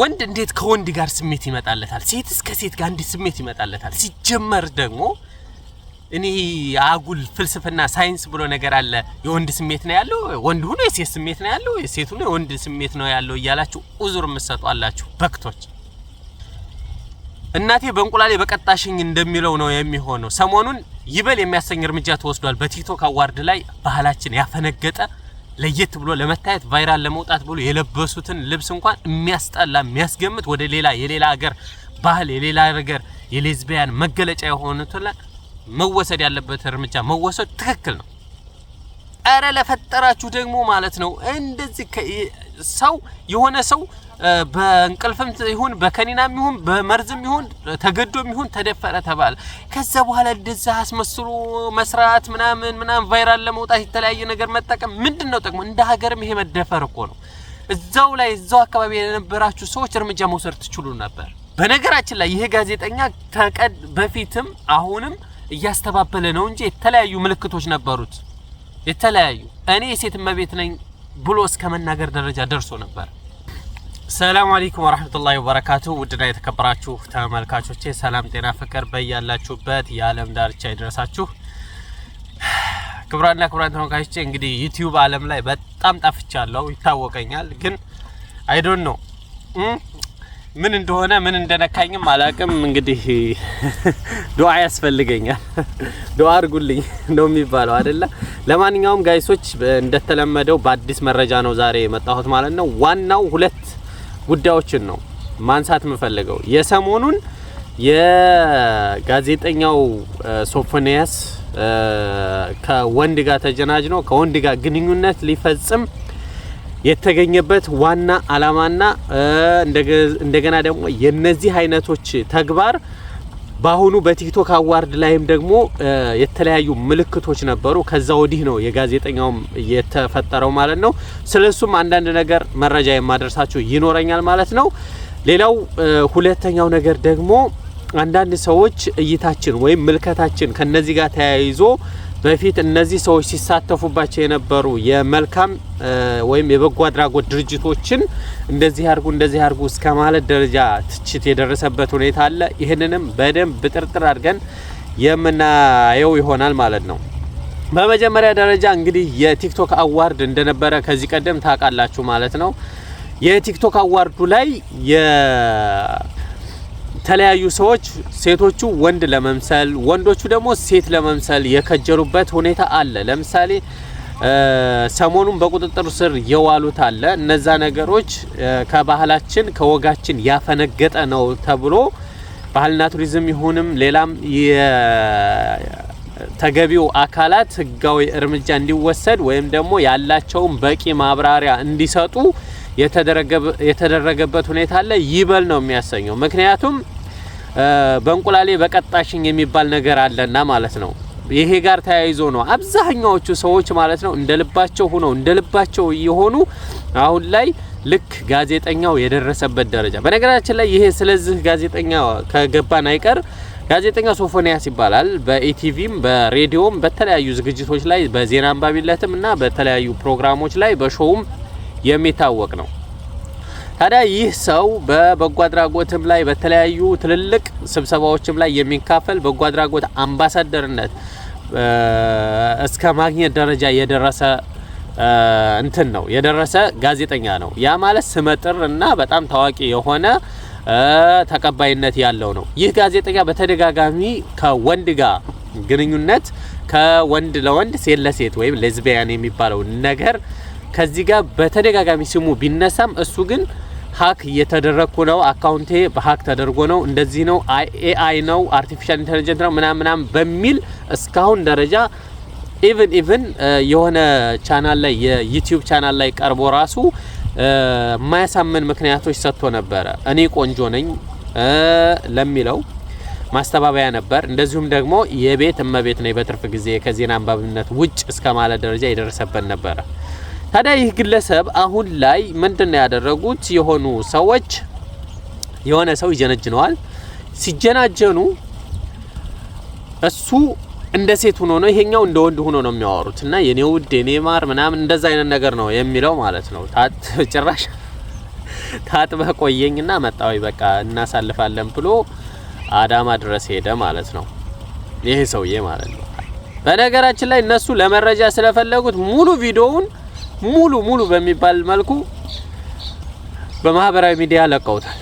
ወንድ እንዴት ከወንድ ጋር ስሜት ይመጣለታል? ሴትስ ከሴት ጋር እንዴት ስሜት ይመጣለታል? ሲጀመር ደግሞ እኔ አጉል ፍልስፍና ሳይንስ ብሎ ነገር አለ። የወንድ ስሜት ነው ያለው፣ ወንድ ሁኖ የሴት ስሜት ነው ያለው፣ የሴት ሁኖ የወንድ ስሜት ነው ያለው እያላችሁ ኡዙር የምትሰጧላችሁ በክቶች። እናቴ በእንቁላሌ በቀጣሽኝ እንደሚለው ነው የሚሆነው። ሰሞኑን ይበል የሚያሰኝ እርምጃ ተወስዷል። በቲክቶክ አዋርድ ላይ ባህላችን ያፈነገጠ ለየት ብሎ ለመታየት ቫይራል ለመውጣት ብሎ የለበሱትን ልብስ እንኳን የሚያስጠላ የሚያስገምት ወደ ሌላ የሌላ ሀገር ባህል የሌላ ነገር የሌዝቢያን መገለጫ የሆኑት መወሰድ ያለበት እርምጃ መወሰድ ትክክል ነው። ረ ለፈጠራችሁ ደግሞ ማለት ነው እንደዚህ ሰው የሆነ ሰው በእንቅልፍም ይሁን በከኒናም ይሁን በመርዝም ይሁን ተገዶም ይሁን ተደፈረ ተባለ። ከዛ በኋላ እንደዛ አስመስሎ መስራት ምናምን ምናምን ቫይራል ለመውጣት የተለያየ ነገር መጠቀም ምንድን ነው ጠቅሞ? እንደ ሀገርም ይሄ መደፈር እኮ ነው። እዛው ላይ እዛው አካባቢ የነበራችሁ ሰዎች እርምጃ መውሰድ ትችሉ ነበር። በነገራችን ላይ ይሄ ጋዜጠኛ ከቀድ በፊትም አሁንም እያስተባበለ ነው እንጂ የተለያዩ ምልክቶች ነበሩት። የተለያዩ እኔ የሴት እመቤት ነኝ ብሎ እስከ መናገር ደረጃ ደርሶ ነበር። ሰላም አለይኩም ወራህመቱላሂ ወበረካቱ። ውድና የተከበራችሁ ተመልካቾቼ ሰላም፣ ጤና፣ ፍቅር በያላችሁበት የዓለም ዳርቻ ይድረሳችሁ። ክቡራንና ክቡራን ተመልካቾቼ እንግዲህ ዩቲዩብ ዓለም ላይ በጣም ጠፍቻለሁ፣ ይታወቀኛል። ግን ዶንት ኖ ምን እንደሆነ ምን እንደነካኝም አላቅም። እንግዲህ ዱዓ ያስፈልገኛል። ዱዓ አድርጉልኝ ነው የሚባለው አይደለ? ለማንኛውም ጋይሶች እንደተለመደው በአዲስ መረጃ ነው ዛሬ የመጣሁት ማለት ነው። ዋናው ሁለት ጉዳዮችን ነው ማንሳት የምፈልገው የሰሞኑን የጋዜጠኛው ሶፎንያስ ከወንድ ጋር ነው ከወንድ ጋር ግንኙነት ሊፈጽም የተገኘበት ዋና አላማና እንደገና ደግሞ የነዚህ አይነቶች ተግባር በአሁኑ በቲክቶክ አዋርድ ላይም ደግሞ የተለያዩ ምልክቶች ነበሩ። ከዛ ወዲህ ነው የጋዜጠኛውም የተፈጠረው ማለት ነው። ስለሱም አንዳንድ ነገር መረጃ የማደርሳቸው ይኖረኛል ማለት ነው። ሌላው ሁለተኛው ነገር ደግሞ አንዳንድ ሰዎች እይታችን ወይም ምልከታችን ከነዚህ ጋር ተያይዞ በፊት እነዚህ ሰዎች ሲሳተፉባቸው የነበሩ የመልካም ወይም የበጎ አድራጎት ድርጅቶችን እንደዚህ አርጉ እንደዚህ አርጉ እስከ ማለት ደረጃ ትችት የደረሰበት ሁኔታ አለ። ይህንንም በደንብ ብጥርጥር አድርገን የምናየው ይሆናል ማለት ነው። በመጀመሪያ ደረጃ እንግዲህ የቲክቶክ አዋርድ እንደነበረ ከዚህ ቀደም ታውቃላችሁ ማለት ነው። የቲክቶክ አዋርዱ ላይ የተለያዩ ሰዎች ሴቶቹ ወንድ ለመምሰል ወንዶቹ ደግሞ ሴት ለመምሰል የከጀሩበት ሁኔታ አለ። ለምሳሌ ሰሞኑን በቁጥጥር ስር የዋሉት አለ። እነዛ ነገሮች ከባህላችን ከወጋችን ያፈነገጠ ነው ተብሎ ባህልና ቱሪዝም ይሁንም ሌላም የተገቢው አካላት ህጋዊ እርምጃ እንዲወሰድ ወይም ደግሞ ያላቸውን በቂ ማብራሪያ እንዲሰጡ የተደረገበት ሁኔታ አለ። ይበል ነው የሚያሰኘው ምክንያቱም በእንቁላሌ በቀጣሽኝ የሚባል ነገር አለና ማለት ነው። ይሄ ጋር ተያይዞ ነው አብዛኛዎቹ ሰዎች ማለት ነው እንደ ልባቸው ሆነው እንደ ልባቸው እየሆኑ አሁን ላይ ልክ ጋዜጠኛው የደረሰበት ደረጃ። በነገራችን ላይ ይሄ ስለዚህ ጋዜጠኛ ከገባን አይቀር ጋዜጠኛ ሶፎንያስ ይባላል። በኢቲቪም በሬዲዮም በተለያዩ ዝግጅቶች ላይ በዜና አንባቢነትም እና በተለያዩ ፕሮግራሞች ላይ በሾውም የሚታወቅ ነው። ታዲያ ይህ ሰው በበጎ አድራጎትም ላይ በተለያዩ ትልልቅ ስብሰባዎችም ላይ የሚካፈል በጎ አድራጎት አምባሳደርነት እስከ ማግኘት ደረጃ የደረሰ እንትን ነው የደረሰ ጋዜጠኛ ነው። ያ ማለት ስመጥር እና በጣም ታዋቂ የሆነ ተቀባይነት ያለው ነው። ይህ ጋዜጠኛ በተደጋጋሚ ከወንድ ጋር ግንኙነት ከወንድ ለወንድ ሴት ለሴት ወይም ሌዝቢያን የሚባለው ነገር ከዚህ ጋር በተደጋጋሚ ስሙ ቢነሳም እሱ ግን ሀክ እየተደረግኩ ነው፣ አካውንቴ በሀክ ተደርጎ ነው፣ እንደዚህ ነው፣ ኤአይ ነው፣ አርቲፊሻል ኢንቴሊጀንት ነው ምናምን ምናምን በሚል እስካሁን ደረጃ ኢቭን ኢቭን የሆነ ቻናል ላይ የዩቲዩብ ቻናል ላይ ቀርቦ ራሱ የማያሳምን ምክንያቶች ሰጥቶ ነበረ። እኔ ቆንጆ ነኝ ለሚለው ማስተባበያ ነበር። እንደዚሁም ደግሞ የቤት እመቤት ነኝ በትርፍ ጊዜ ከዜና አንባብነት ውጭ እስከ ማለት ደረጃ የደረሰበት ነበረ። ታዲያ ይህ ግለሰብ አሁን ላይ ምንድን ያደረጉት? የሆኑ ሰዎች የሆነ ሰው ይጀነጅነዋል። ሲጀናጀኑ እሱ እንደ ሴት ሆኖ ነው ይሄኛው እንደ ወንድ ሆኖ ነው የሚያወሩት። እና የኔ ውድ የኔ ማር ምናምን እንደዛ አይነት ነገር ነው የሚለው ማለት ነው። ታት ጭራሽ ታጥበህ ቆየኝና መጣዊ በቃ እናሳልፋለን ብሎ አዳማ ድረስ ሄደ ማለት ነው። ይሄ ሰውዬ ማለት ነው። በነገራችን ላይ እነሱ ለመረጃ ስለፈለጉት ሙሉ ቪዲዮውን ሙሉ ሙሉ በሚባል መልኩ በማህበራዊ ሚዲያ ለቀውታል።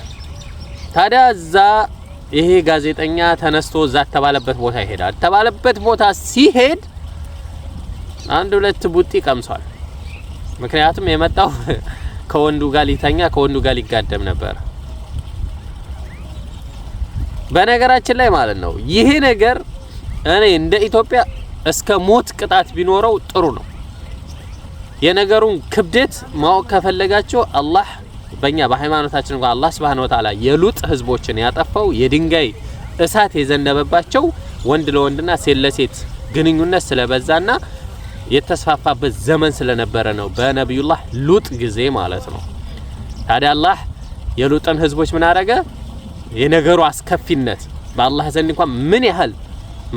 ታዲያ እዛ ይሄ ጋዜጠኛ ተነስቶ እዛ ተባለበት ቦታ ይሄዳል። ተባለበት ቦታ ሲሄድ አንድ ሁለት ቡጢ ቀምሷል። ምክንያቱም የመጣው ከወንዱ ጋር ሊተኛ ከወንዱ ጋር ሊጋደም ነበር። በነገራችን ላይ ማለት ነው ይሄ ነገር እኔ እንደ ኢትዮጵያ እስከ ሞት ቅጣት ቢኖረው ጥሩ ነው። የነገሩን ክብደት ማወቅ ከፈለጋቸው አላህ በእኛ በሃይማኖታችን እንኳን አላህ ሱብሃነሁ ወተዓላ የሉጥ ህዝቦችን ያጠፋው የድንጋይ እሳት የዘነበባቸው ወንድ ለወንድና ሴት ለሴት ግንኙነት ስለበዛና የተስፋፋበት ዘመን ስለነበረ ነው፣ በነቢዩላህ ሉጥ ጊዜ ማለት ነው። ታዲያ አላህ የሉጥን ህዝቦች ምን አረገ? የነገሩ አስከፊነት በአላህ ዘንድ እንኳን ምን ያህል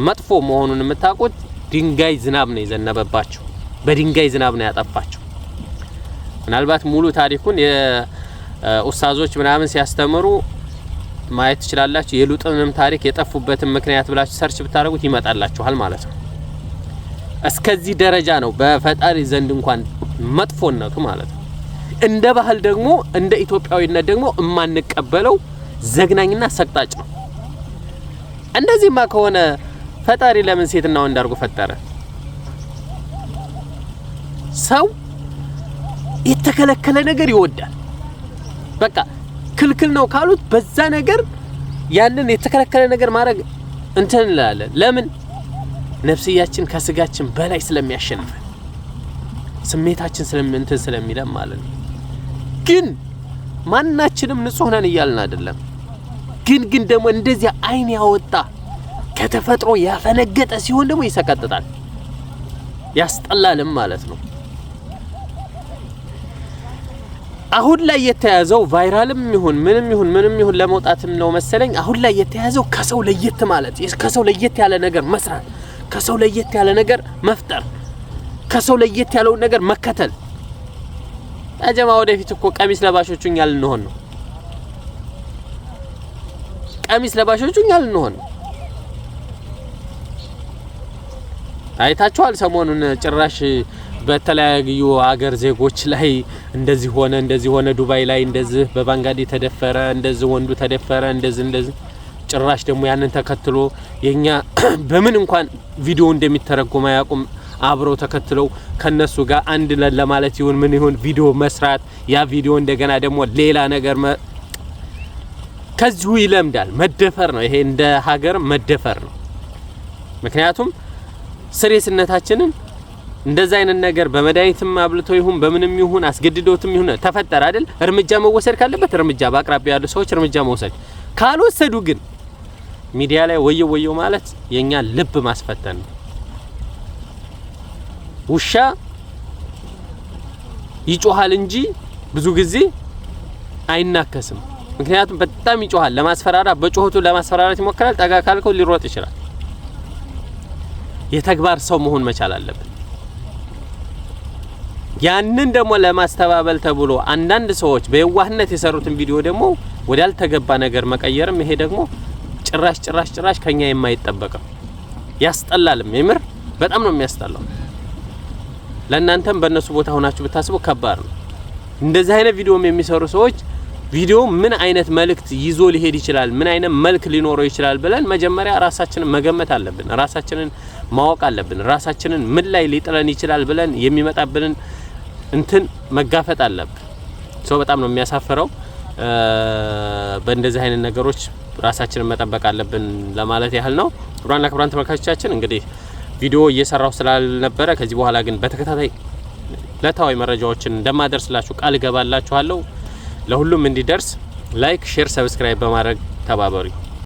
መጥፎ መሆኑን የምታውቁት ድንጋይ ዝናብ ነው የዘነበባቸው። በድንጋይ ዝናብ ነው ያጠፋቸው። ምናልባት ሙሉ ታሪኩን የኡስታዞች ምናምን ሲያስተምሩ ማየት ትችላላችሁ። የሉጥንም ታሪክ የጠፉበትን ምክንያት ብላችሁ ሰርች ብታደርጉት ይመጣላችኋል ማለት ነው። እስከዚህ ደረጃ ነው በፈጣሪ ዘንድ እንኳን መጥፎነቱ ማለት ነው። እንደ ባህል ደግሞ እንደ ኢትዮጵያዊነት ደግሞ የማንቀበለው ዘግናኝና ሰቅጣጭ ነው። እንደዚህማ ከሆነ ፈጣሪ ለምን ሴትና ወንድ አድርጎ ፈጠረ? ሰው የተከለከለ ነገር ይወዳል። በቃ ክልክል ነው ካሉት በዛ ነገር ያንን የተከለከለ ነገር ማድረግ እንትን እንላለን። ለምን? ነፍስያችን ከስጋችን በላይ ስለሚያሸንፈን ስሜታችን ስለምንትን ስለሚለም ማለት ነው። ግን ማናችንም ንጹህ ነን እያልን አይደለም። ግን ግን ደግሞ እንደዚያ አይን ያወጣ ከተፈጥሮ ያፈነገጠ ሲሆን ደግሞ ይሰቀጥጣል፣ ያስጠላልም ማለት ነው። አሁን ላይ የተያዘው ቫይራልም ይሁን ምንም ይሁን ምንም ይሁን ለመውጣትም ነው መሰለኝ። አሁን ላይ የተያዘው ከሰው ለየት ማለት፣ ከሰው ለየት ያለ ነገር መስራት፣ ከሰው ለየት ያለ ነገር መፍጠር፣ ከሰው ለየት ያለውን ነገር መከተል። አጀማ ወደፊት እኮ ቀሚስ ለባሾቹ እኛ ልንሆን ነው። ቀሚስ ለባሾቹ እኛ ልንሆን ነው። አይታችኋል ሰሞኑን ጭራሽ በተለያዩ አገር ዜጎች ላይ እንደዚህ ሆነ እንደዚህ ሆነ፣ ዱባይ ላይ እንደዚህ በባንጋዴ ተደፈረ፣ እንደዚህ ወንዱ ተደፈረ፣ እንደዚህ እንደዚህ። ጭራሽ ደግሞ ያንን ተከትሎ የኛ በምን እንኳን ቪዲዮ እንደሚተረጎም አያውቁም። አብረው ተከትለው ከነሱ ጋር አንድ ለማለት ይሁን ምን ይሁን ቪዲዮ መስራት፣ ያ ቪዲዮ እንደገና ደግሞ ሌላ ነገር ከዚሁ ይለምዳል። መደፈር ነው ይሄ፣ እንደ ሀገር መደፈር ነው። ምክንያቱም ስሬስነታችንን እንደዛ አይነት ነገር በመድኃኒትም አብልቶ ይሁን በምንም ይሁን አስገድዶትም ይሁን ተፈጠረ አይደል፣ እርምጃ መወሰድ ካለበት እርምጃ በአቅራቢያ ያሉ ሰዎች እርምጃ መውሰድ ካልወሰዱ ግን ሚዲያ ላይ ወየው ወየው ማለት የኛ ልብ ማስፈተን ነው። ውሻ ይጮሃል እንጂ ብዙ ጊዜ አይናከስም። ምክንያቱም በጣም ይጮሃል። ለማስፈራራት በጩኸቱ ለማስፈራራት ይሞክራል። ጠጋ ካልከው ሊሮጥ ይችላል። የተግባር ሰው መሆን መቻል አለብን። ያንን ደግሞ ለማስተባበል ተብሎ አንዳንድ ሰዎች በየዋህነት የሰሩትን ቪዲዮ ደግሞ ወዳልተገባ ነገር መቀየርም ይሄ ደግሞ ጭራሽ ጭራሽ ጭራሽ ከኛ የማይጠበቅም ያስጠላልም። የምር በጣም ነው የሚያስጠላው። ለእናንተም በእነሱ ቦታ ሆናችሁ ብታስቡ ከባድ ነው። እንደዚህ አይነት ቪዲዮም የሚሰሩ ሰዎች ቪዲዮ ምን አይነት መልእክት ይዞ ሊሄድ ይችላል፣ ምን አይነት መልክ ሊኖረው ይችላል ብለን መጀመሪያ ራሳችንን መገመት አለብን። ራሳችንን ማወቅ አለብን። ራሳችንን ምን ላይ ሊጥለን ይችላል ብለን የሚመጣብንን እንትን መጋፈጥ አለብን። ሰው በጣም ነው የሚያሳፍረው። በእንደዚህ አይነት ነገሮች ራሳችንን መጠበቅ አለብን ለማለት ያህል ነው። ክቡራንና ክቡራን ተመልካቾቻችን እንግዲህ ቪዲዮ እየሰራው ስላልነበረ ከዚህ በኋላ ግን በተከታታይ ለታዊ መረጃዎችን እንደማደርስላችሁ ቃል እገባላችኋለሁ። ለሁሉም እንዲደርስ ላይክ፣ ሼር፣ ሰብስክራይብ በማድረግ ተባበሩ።